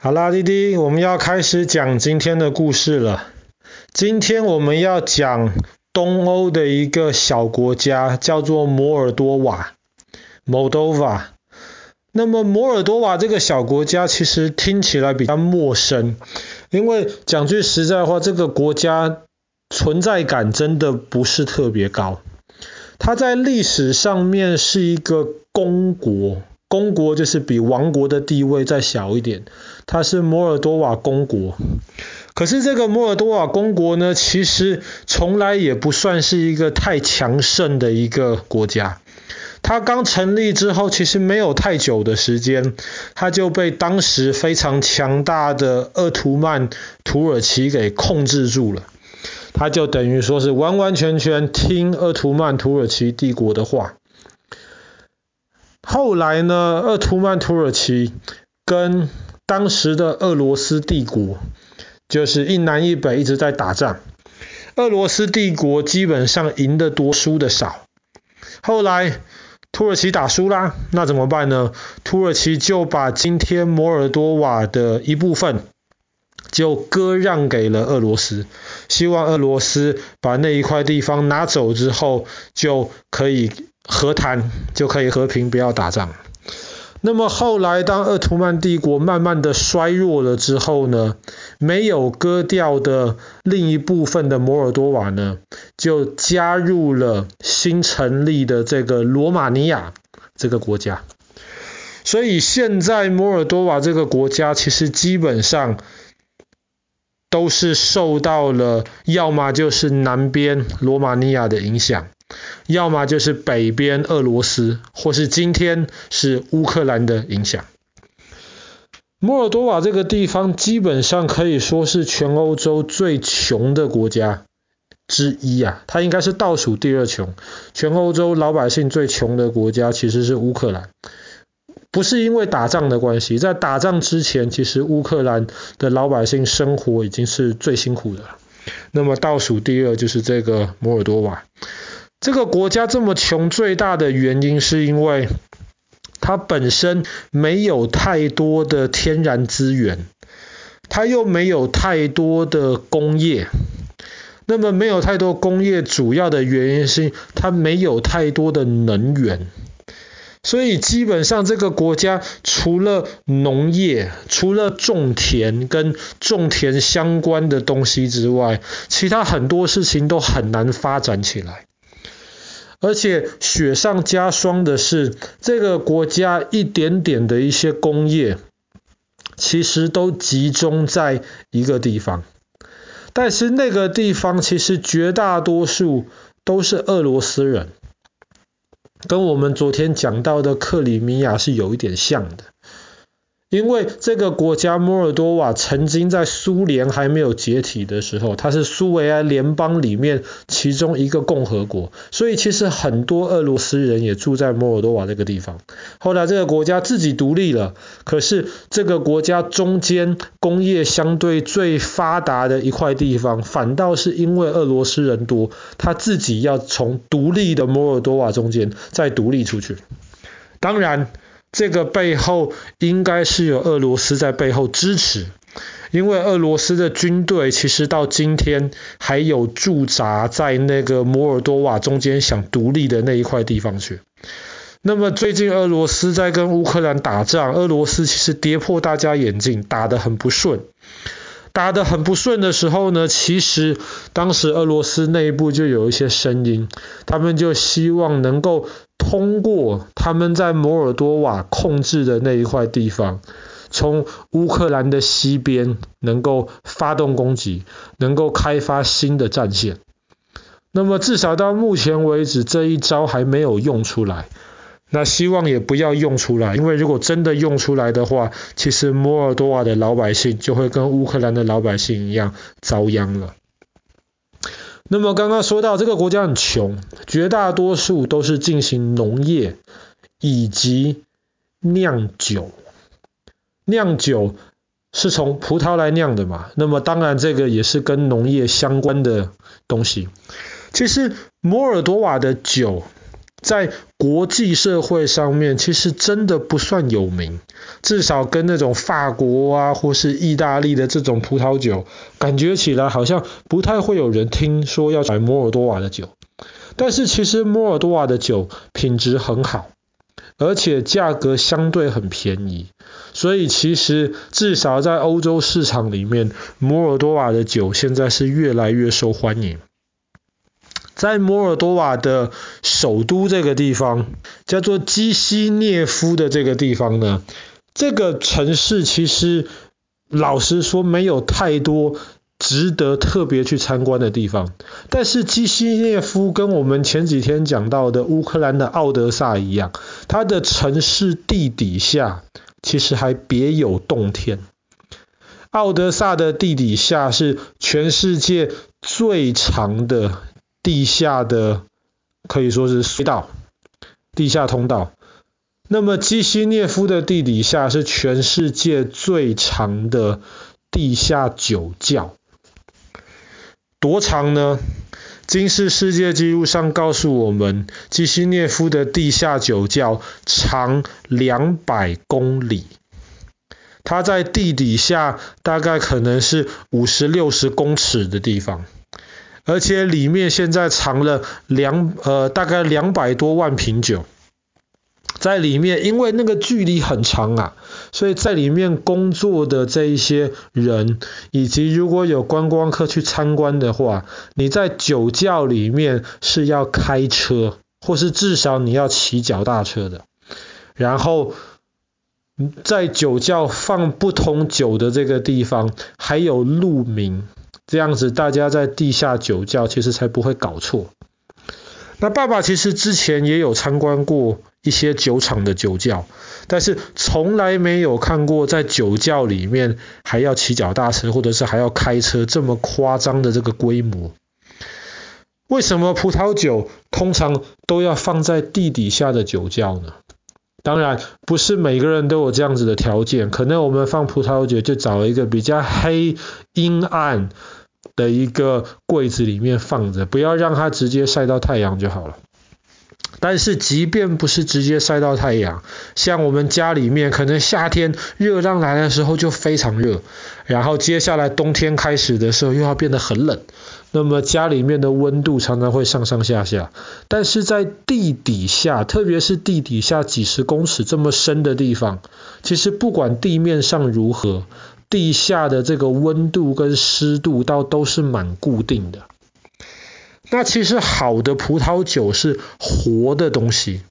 好啦，弟弟，我們要開始講今天的故事了。今天我們要講東歐的一個小國家，叫做摩爾多瓦 （Moldova）。那麼，摩爾多瓦這個小國家其實聽起來比較陌生，因為講句實在話，這個國家存在感真的不是特別高。它在歷史上面是一個公國。公國就是比王國的地位再小一點，它是摩爾多瓦公國。可是這個摩爾多瓦公國呢，其實從來也不算是一個太強盛的一個國家。它剛成立之後，其實沒有太久的時間，它就被當時非常強大的鄂圖曼土耳其給控制住了。它就等於說是完完全全聽鄂圖曼土耳其帝國的話。後來呢，鄂圖曼土耳其跟當時的俄羅斯帝國就是一南一北一直在打仗，俄羅斯帝國基本上贏得多輸得少。後來土耳其打輸啦，那怎麼辦呢？土耳其就把今天摩爾多瓦的一部分就割讓給了俄羅斯，希望俄羅斯把那一塊地方拿走之後就可以。和談就可以和平，不要打仗。那麼後來，當奧圖曼帝國慢慢的衰弱了之後呢，沒有割掉的另一部分的摩爾多瓦呢，就加入了新成立的這個羅馬尼亞這個國家。所以現在摩爾多瓦這個國家其實基本上都是受到了，要麼就是南邊羅馬尼亞的影響。要麼就是北邊俄羅斯，或是今天是烏克蘭的影響。摩爾多瓦這個地方基本上可以說是全歐洲最窮的國家之一啊，它應該是倒數第二窮。全歐洲老百姓最窮的國家其實是烏克蘭，不是因為打仗的關係。在打仗之前，其實烏克蘭的老百姓生活已經是最辛苦的了。那麼倒數第二就是這個摩爾多瓦。這個國家這麼窮，最大的原因是因為它本身沒有太多的天然資源，它又沒有太多的工業。那麼沒有太多工業，主要的原因是它沒有太多的能源。所以基本上這個國家除了農業、除了種田跟種田相關的東西之外，其他很多事情都很難發展起來。而且雪上加霜的是，這個國家一點點的一些工業，其實都集中在一個地方，但是那個地方其實絕大多數都是俄羅斯人，跟我們昨天講到的克里米亞是有一點像的。因為這個國家摩爾多瓦曾經在蘇聯還沒有解體的時候，它是蘇維埃聯邦裡面其中一個共和國，所以其實很多俄羅斯人也住在摩爾多瓦這個地方。後來這個國家自己獨立了，可是這個國家中間工業相對最發達的一塊地方，反倒是因為俄羅斯人多，他自己要從獨立的摩爾多瓦中間再獨立出去。當然。這個背後應該是有俄羅斯在背後支持，因為俄羅斯的軍隊其實到今天還有駐紮在那個摩爾多瓦中間想獨立的那一塊地方去。那麼最近俄羅斯在跟烏克蘭打仗，俄羅斯其實跌破大家眼鏡，打得很不順。打得很不順的時候呢，其實當時俄羅斯內部就有一些聲音，他們就希望能夠通過他們在摩爾多瓦控制的那一塊地方，從烏克蘭的西邊能夠發動攻擊，能夠開發新的戰線。那麼至少到目前為止，這一招還沒有用出來。那希望也不要用出來，因為如果真的用出來的話，其實摩爾多瓦的老百姓就會跟烏克蘭的老百姓一樣遭殃了。那麼剛剛說到這個國家很窮，絕大多數都是進行農業以及釀酒，釀酒是從葡萄來釀的嘛，那麼當然這個也是跟農業相關的東西。其實摩爾多瓦的酒。在國際社會上面，其實真的不算有名，至少跟那種法國啊或是意大利的這種葡萄酒，感覺起來好像不太會有人聽說要買摩爾多瓦的酒。但是其實摩爾多瓦的酒品質很好，而且價格相對很便宜，所以其實至少在歐洲市場裡面，摩爾多瓦的酒現在是越來越受歡迎。在摩爾多瓦的首都這個地方，叫做基西涅夫的這個地方呢，這個城市其實老實說沒有太多值得特別去參觀的地方。但是基西涅夫跟我們前幾天講到的烏克蘭的奧德薩一樣，它的城市地底下其實還別有洞天。奧德薩的地底下是全世界最長的。地下的可以說是隧道、地下通道。那麼，基西涅夫的地底下是全世界最長的地下酒窖，多長呢？《金氏世界紀錄》上告訴我們，基西涅夫的地下酒窖長兩百公里，它在地底下大概可能是五十六十公尺的地方。而且裡面現在藏了兩呃大概兩百多萬瓶酒，在裡面，因為那個距離很長啊，所以在裡面工作的這一些人，以及如果有觀光客去參觀的話，你在酒窖裡面是要開車，或是至少你要騎腳踏車的。然後在酒窖放不同酒的這個地方，還有路名。這樣子，大家在地下酒窖其實才不會搞錯。那爸爸其實之前也有參觀過一些酒廠的酒窖，但是從來沒有看過在酒窖裡面還要騎腳踏車，或者是還要開車這麼誇張的這個規模。為什麼葡萄酒通常都要放在地底下的酒窖呢？當然，不是每個人都有這樣子的條件，可能我們放葡萄酒就找了一個比較黑陰暗。的一個櫃子裡面放着，不要讓它直接曬到太陽就好了。但是即便不是直接曬到太陽，像我們家裡面，可能夏天熱浪來的時候就非常熱，然後接下來冬天開始的時候又要變得很冷，那麼家裡面的溫度常常會上上下下。但是在地底下，特別是地底下幾十公尺這麼深的地方，其實不管地面上如何。地下的這個溫度跟濕度倒都是蠻固定的。那其實好的葡萄酒是活的東西，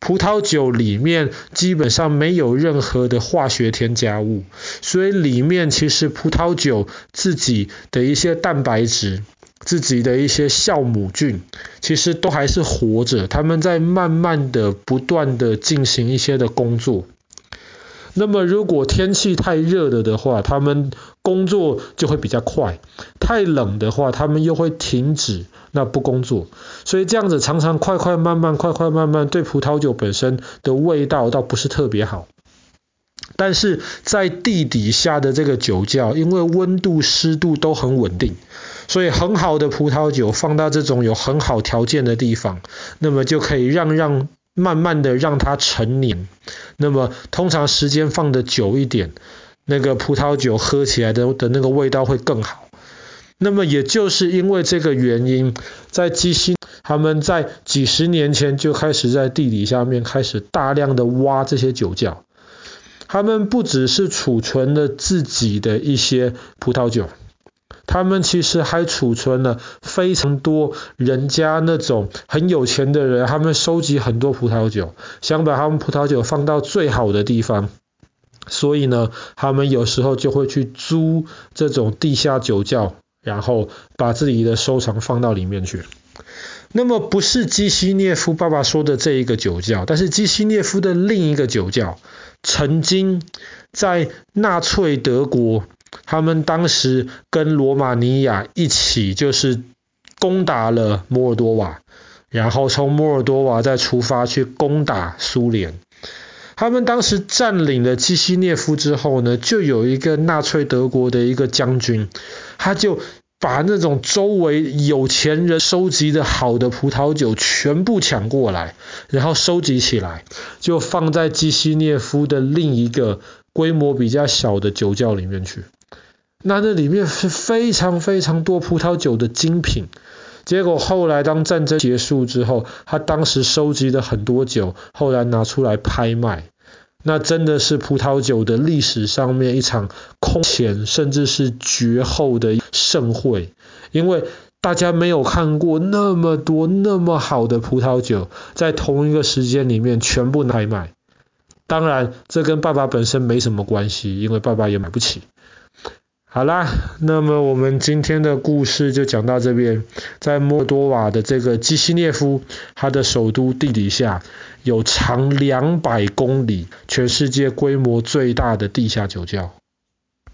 葡萄酒裡面基本上沒有任何的化學添加物，所以裡面其實葡萄酒自己的一些蛋白質、自己的一些酵母菌，其實都還是活着，他們在慢慢的、不斷的進行一些的工作。那麼如果天氣太熱了的話，他們工作就會比較快；太冷的話，他們又會停止，那不工作。所以這樣子常常快快慢慢，快快慢慢，對葡萄酒本身的味道倒不是特別好。但是在地底下的這個酒窖，因為溫度濕度都很穩定，所以很好的葡萄酒放到這種有很好條件的地方，那麼就可以讓讓。慢慢的讓它陳年，那麼通常時間放的久一點，那個葡萄酒喝起來的的那個味道會更好。那麼也就是因為這個原因，在基辛，他們在幾十年前就開始在地底下面開始大量的挖這些酒窖，他們不只是儲存了自己的一些葡萄酒。他們其實還儲存了非常多人家，那種很有錢的人，他們收集很多葡萄酒，想把他們葡萄酒放到最好的地方，所以呢，他們有時候就會去租這種地下酒窖，然後把自己的收藏放到裡面去。那麼不是基西涅夫爸爸說的這一個酒窖，但是基西涅夫的另一個酒窖曾經在納粹德國，他們當時跟羅馬尼亞一起，就是攻打了摩爾多瓦，然後從摩爾多瓦再出發去攻打蘇聯。他們當時佔領了基希涅夫之後呢，就有一個納粹德國的一個將軍，他就把那種周圍有錢人收集的好的葡萄酒全部搶過來，然後收集起來，就放在基希涅夫的另一個規模比較小的酒窖裡面去。那那裡面是非常非常多葡萄酒的精品。結果後來當戰爭結束之後，他當時收集的很多酒，後來拿出來拍賣，那真的是葡萄酒的歷史上面一場空前甚至是絕後的盛會，因為大家沒有看過那麼多那麼好的葡萄酒在同一個時間裡面全部拍賣。當然這跟爸爸本身沒什麼關係，因為爸爸也買不起。好啦，那麼我們今天的故事就講到這邊。在摩多瓦的這個基希涅夫，它的首都地底下有長兩百公里，全世界規模最大的地下酒窖。